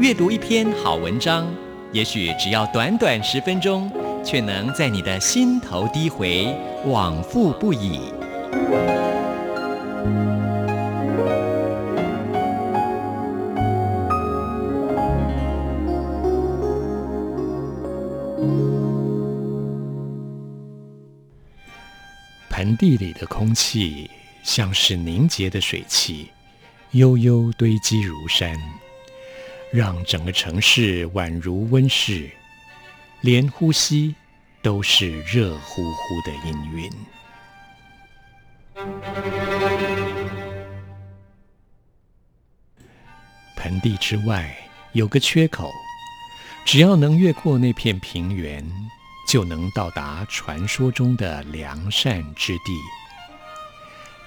閱讀一篇好文章，也許只要短短十分鐘，卻能在你的心頭低回，往復不已。盆地裡的空氣像是凝結的水汽，悠悠堆積如山。讓整個城市宛如溫室，連呼吸都是熱乎乎的氤氳。盆地之外有個缺口，只要能越過那片平原，就能到達傳說中的良善之地。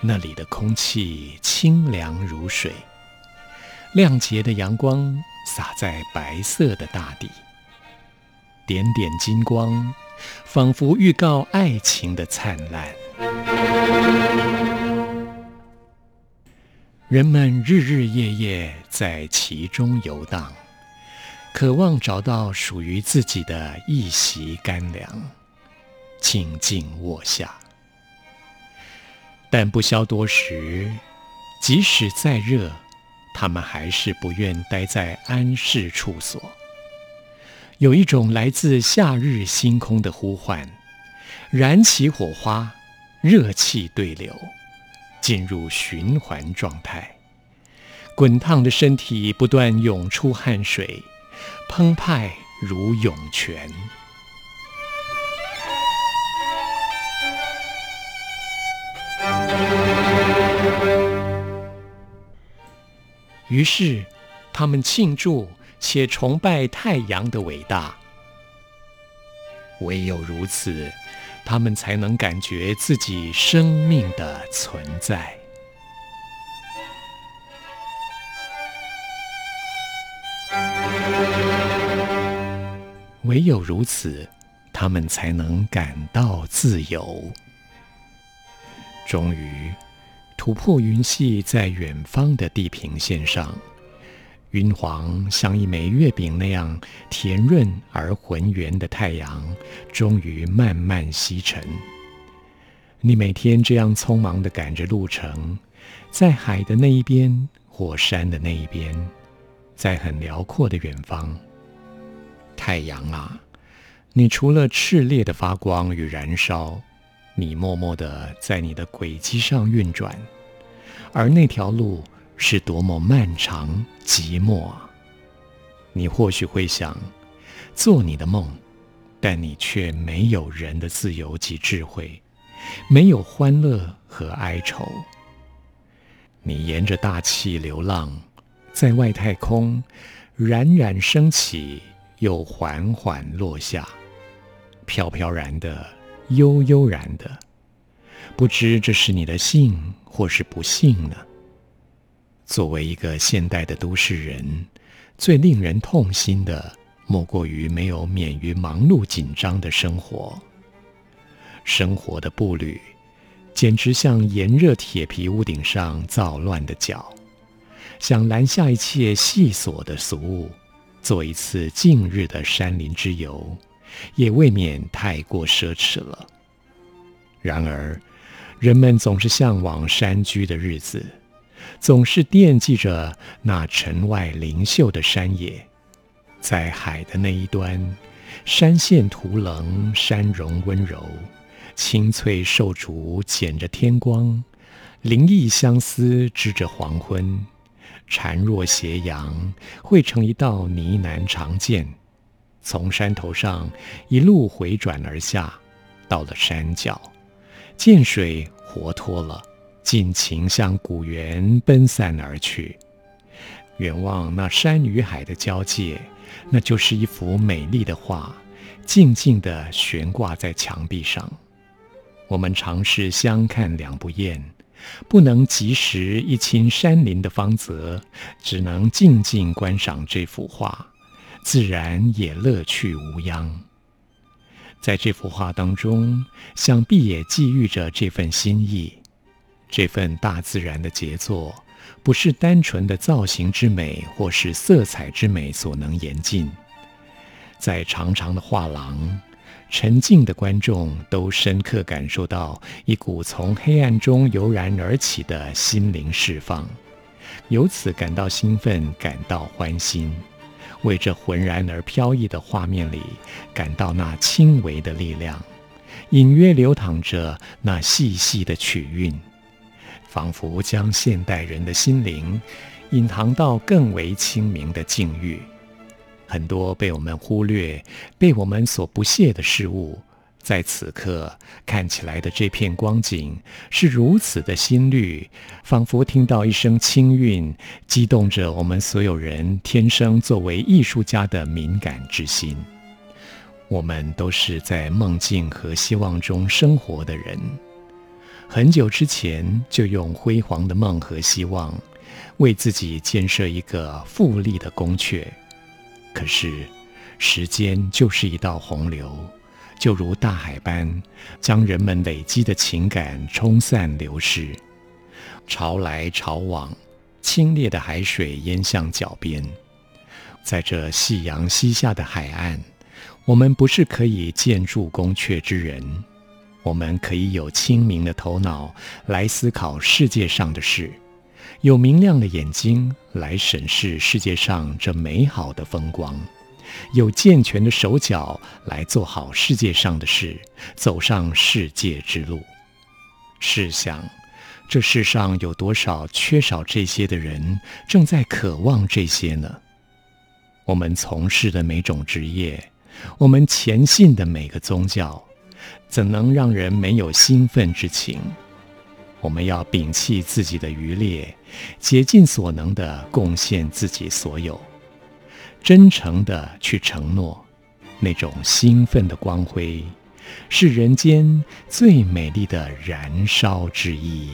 那裡的空氣清涼如水，亮潔的陽光。灑在白色的大地，點點金光，仿佛預告愛情的燦爛。人們日日夜夜在其中遊蕩，渴望找到屬於自己的一席甘涼，靜靜臥下。但不消多時，即使再熱，他們還是不願待在安適處所。有一種來自夏日星空的呼喚，燃起火花，熱氣對流，進入循環狀態。滾燙的身體不斷湧出汗水，澎湃如湧泉。於是，他們慶祝且崇拜太陽的偉大。唯有如此，他們才能感覺自己生命的存在。唯有如此，他們才能感到自由。終於。突破雲隙，在遠方的地平線上，雲黃像一枚月餅那樣甜潤而渾圓的太陽，終於慢慢西沉。你每天這樣匆忙地趕着路程，在海的那一邊，火山的那一邊，在很遼闊的遠方。太陽啊，你除了熾烈的發光與燃燒，你默默地在你的軌跡上運轉，而那條路是多麼漫長寂寞。你或許會想做你的夢，但你卻沒有人的自由及智慧，沒有歡樂和哀愁。你沿着大氣流浪，在外太空冉冉升起，又緩緩落下，飄飄然的。悠悠然的，不知這是你的幸或是不幸呢？作為一個現代的都市人，最令人痛心的莫過於沒有免於忙碌緊張的生活。生活的步履，簡直像炎熱鐵皮屋頂上躁亂的腳。想攔下一切細瑣的俗務，做一次近日的山林之遊。也未免太過奢侈了。然而，人們總是向往山居的日子，總是惦記着那城外靈秀的山野。在海的那一端，山線圖稜，山容溫柔，青翠瘦竹剪着天光，靈異相思織着黃昏，孱弱斜陽匯成一道呢喃長劍。從山頭上一路回轉而下，到了山腳，澗水活脫了，盡情向古原奔散而去。遠望那山與海的交界，那就是一幅美麗的畫，靜靜地懸掛在牆壁上。我們嘗試相看兩不厭，不能及時一親山林的芳澤，只能靜靜觀賞這幅畫。自然也樂趣無央，在這幅畫當中，想必也寄寓着這份心意。這份大自然的傑作，不是單純的造型之美，或是色彩之美所能言盡。在長長的畫廊，沉靜的觀眾都深刻感受到一股從黑暗中油然而起的心靈釋放，由此感到興奮，感到歡欣。為這渾然而飄逸的畫面裡，感到那輕微的力量，隱約流淌着那細細的曲韻，仿佛將現代人的心靈，隱藏到更為清明的境遇，很多被我們忽略、被我們所不屑的事物。在此刻看起來的這片光景是如此的新綠，仿佛聽到一聲清韻，激動着我們所有人天生作為藝術家的敏感之心。我們都是在夢境和希望中生活的人，很久之前就用輝煌的夢和希望，為自己建設一個富麗的宮闕。可是，時間就是一道洪流。就如大海般，將人們累積的情感沖散流逝。潮來潮往，清冽的海水淹向腳邊。在這夕陽西下的海岸，我們不是可以建築宮闕之人，我們可以有清明的頭腦來思考世界上的事，有明亮的眼睛來審視世界上這美好的風光。有健全的手腳來做好世界上的事，走上世界之路。試想，這世上有多少缺少這些的人，正在渴望這些呢？我們從事的每種職業，我們虔信的每個宗教，怎能讓人沒有興奮之情？我們要摒棄自己的愚劣，竭盡所能地貢獻自己所有。真誠地去承諾，那種興奮的光輝，是人間最美麗的燃燒之一。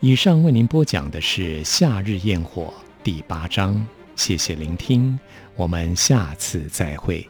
以上為您播講的是《夏日焰火》第八章，謝謝聆聽，我們下次再會。